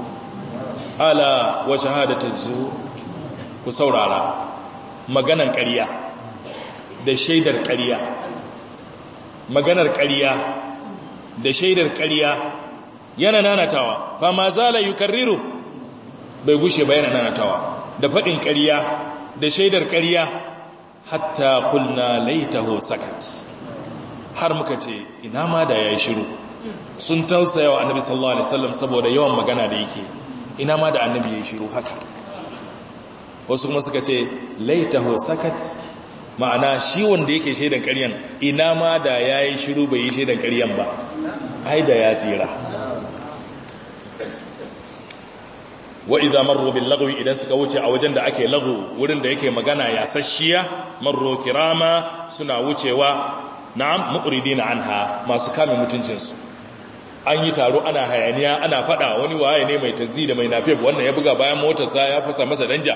ala wa shahadatu zu ku saurara maganan ƙarya da shaidar ƙarya maganar ƙarya da shaidar ƙarya yana nanatawa fa ma zala yukarriru bai gushe ba yana nanatawa da faɗin kariya, da shaidar kariya. hatta kulna laitaho sakat har muka ce ina ma da ya yi shiru sun tausaya wa annabi sallallahu alaihi wasallam saboda yawan magana da yake ina ma da annabi ya yi shiru haka wasu kuma suka ce laitaho sakat ma'ana shi wanda yake shaidan ƙaryan ina ma da ya yi shiru bai yi shaidan ƙaryan ba ai da ya tsira wa idza marru bil lagwi idan suka wuce a wajen da ake lagu wurin da yake magana ya sashiya marru kirama suna wucewa na'am muqridina anha masu kama mutuncin su an yi taro ana hayaniya ana fada wani waye ne mai tanzi da mai nafiya wannan ya buga bayan motar sa ya fasa masa danja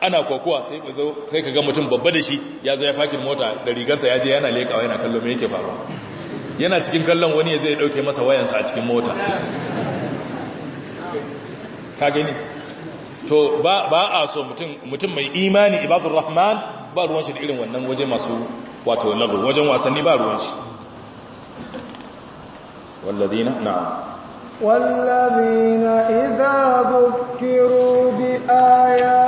ana kokowa sai ka zo sai ka ga mutum babba da shi ya zo ya fakin mota da rigarsa ya je yana lekawa yana kallo me yake faruwa yana cikin kallon wani ya zai dauke masa wayansa a cikin mota ka gani to ba a so mutum mai imani ibadun rahman ba ruwan shi da irin wannan waje masu wato lagu wajen wasanni ba ruwan shi na wallazina والذين إذا bi بآيات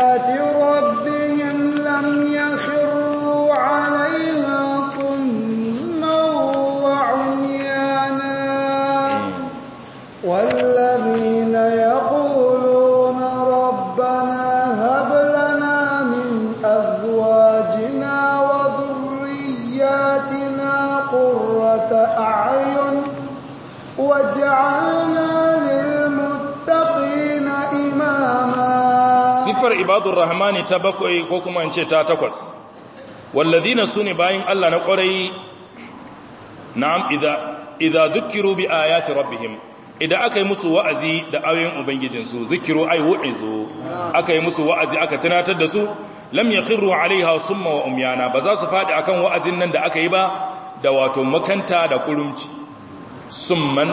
safar ibadur rahmani ta bakwai ko kuma in ce ta takwas wallazina sune bayin Allah na kwarai na'am idza idza dhukiru bi ayati rabbihim idan aka yi musu wa'azi da ayoyin ubangijinsu zikiru ai wa'izo aka yi musu wa'azi aka tunatar da su lam yakhiru alaiha summa wa umyana ba za su faɗi akan wa'azin nan da aka yi ba da wato makanta da kurumci summan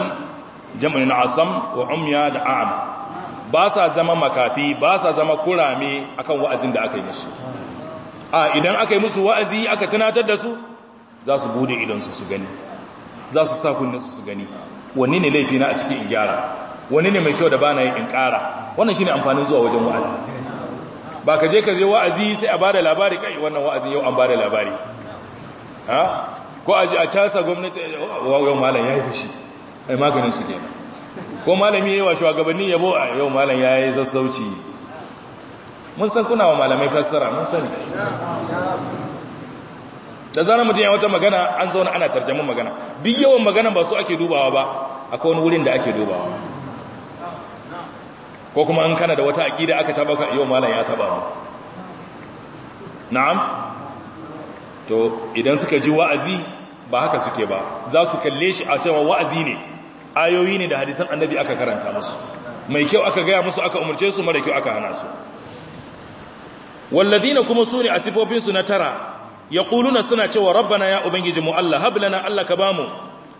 jam'in asam wa umya da a'am ba sa zama makafi ba sa zama kurame akan wa'azin da aka yi musu a idan aka yi musu wa'azi aka tunatar da su za su bude idansu su gani za su sa kunninsu su gani wani ne laifi na a cikin in gyara wani ne mai kyau da bana yi in kara wannan shi ne amfanin zuwa wajen wa'azi ba ka je ka je wa'azi sai a bada labari kai wannan wa'azin yau an bada labari ko a ji a casa gwamnati yau malam ya yi fashi ai maganin su kenan ko malami yi wa shugabanni yabo a yau malam ya yi sassauci mun san kuna wa malamai fassara mun sani da zanen mutum ya wata magana an zauna ana tarjamin magana duk yawan magana ba su ake dubawa ba akwai wani wurin da ake dubawa ko kuma an kana da wata aƙida aka taba ka yau malam ya taba mu na'am to idan suka ji wa'azi ba haka suke ba za su kalle shi a cewa wa'azi ne ayoyi ne da hadisan annabi aka karanta musu mai kyau aka gaya musu aka umarce su mara kyau aka hana su wallazina kuma su ne a sifofinsu na tara ya kuluna suna cewa rabbana ya ubangiji mu Allah hablana Allah ka bamu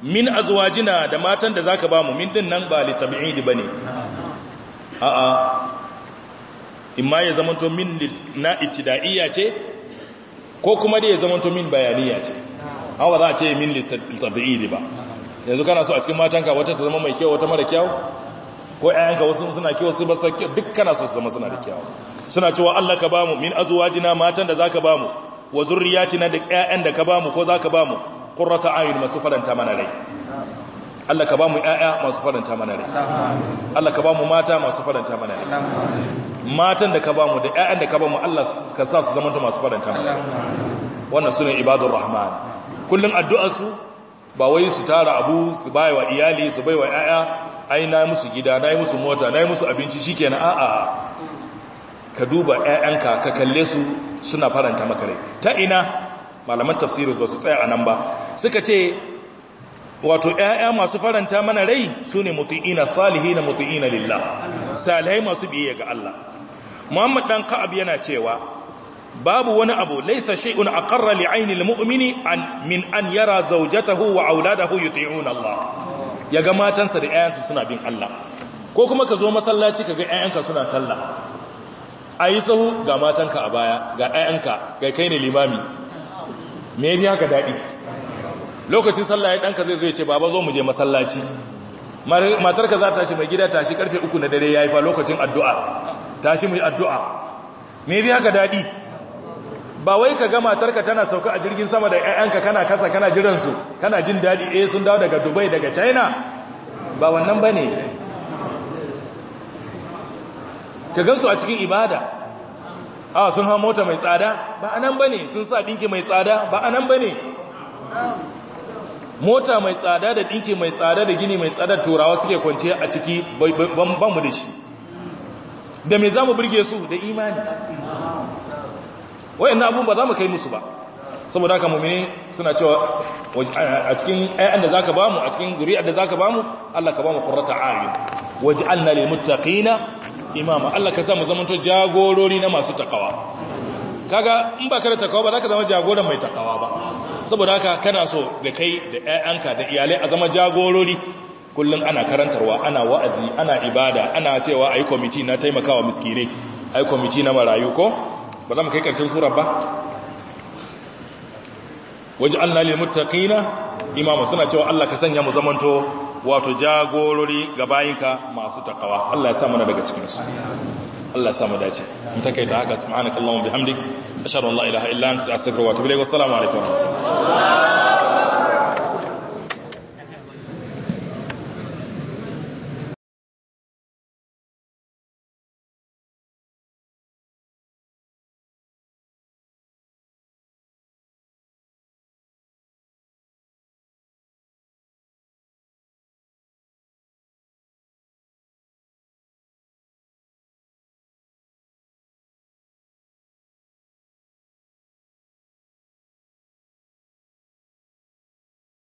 min azwajina da matan da zaka bamu min din nan ba li tabi'idi bane a'a imma ya zamanto min na ibtida'iyya ce ko kuma da ya zamanto min bayaniya ce hawa za a ce min li tabi'idi ba yanzu kana so a cikin matanka wata ta zama mai kyau wata mara kyau ko ƴaƴanka wasu suna kyau su ba sake duk kana so su zama suna da kyau suna cewa Allah ka bamu min azwajina matan da zaka bamu wa zurriyatina da ƴaƴan da ka bamu ko zaka bamu qurrata ayun masu faranta mana rai Allah ka bamu ƴaƴa masu faranta mana rai Allah ka bamu mata masu faranta mana rai matan da ka bamu da ƴaƴan da ka bamu Allah ka sa su zama masu faranta mana rai wannan sunan ibadur rahman kullun addu'arsu ba wai su tara abu su bai iyali su bai wa 'ya'ya ai na musu gida na yi musu mota na yi musu abinci shi kenan a'a ka duba 'ya'yanka ka kalle su suna faranta maka rai ta ina malaman tafsiri ba su tsaya a nan ba suka ce wato 'ya'ya masu faranta mana rai su ne mutu'ina salihi na mutu'ina lillah salihai masu biyayya ga Allah muhammad dan ka'ab yana cewa babu wani abu laisa shay'un aqarra li'ayni mu'mini an min an yara zawjatahu wa auladahu yuti'una Allah yaga matansa da ƴaƴansu suna bin Allah ko kuma ka zo masallaci kaga ƴaƴanka suna sallah ayi sahu ga matanka a baya ga ƴaƴanka ga kai ne limami me yafi haka dadi lokacin sallah ya danka zai zo ya ce baba zo mu je masallaci matarka za ta shi mai gida tashi karfe 3 na dare yayi fa lokacin addu'a tashi mu yi addu'a me yafi haka dadi ba wai ka ga matarka tana sauka a jirgin sama da ƴaƴanka kana kasa kana jiran su kana jin dadi eh sun dawo daga Dubai daga China ba wannan bane ka gansu a cikin ibada a ah, sun hawo mota mai tsada ba anan bane sun sa dinki mai tsada ba anan bane mota mai tsada da dinki mai tsada da gini mai tsada turawa suke kwance a ciki ban mu da shi da me zamu burge su da imani na abun ba za mu kai musu ba saboda haka mu'mini suna cewa a cikin ayyan da zaka bamu a cikin zuri'ar da zaka bamu Allah ka bamu qurrata a'yun waj'alna lil muttaqina imama Allah ka sa mu to jagorori na masu takawa kaga in ba ka da takawa ba za ka zama jagoran mai takawa ba saboda haka kana so da kai da ƴaƴanka da iyalai a zama jagorori kullum ana karantarwa ana wa'azi ana ibada ana cewa ayi committee na taimakawa miskinai ayi committee na marayu ko ba za mu kai ƙarshen sura ba waje allah lil muttaqina imama suna cewa allah ka sanya mu zamanto wato jagorori ga bayinka masu takawa allah ya sa mana daga cikin su allah ya sa mu dace in ta haka subhanakallahumma bihamdik ashhadu an la ilaha illa anta astaghfiruka wa atubu ilayk wa assalamu alaikum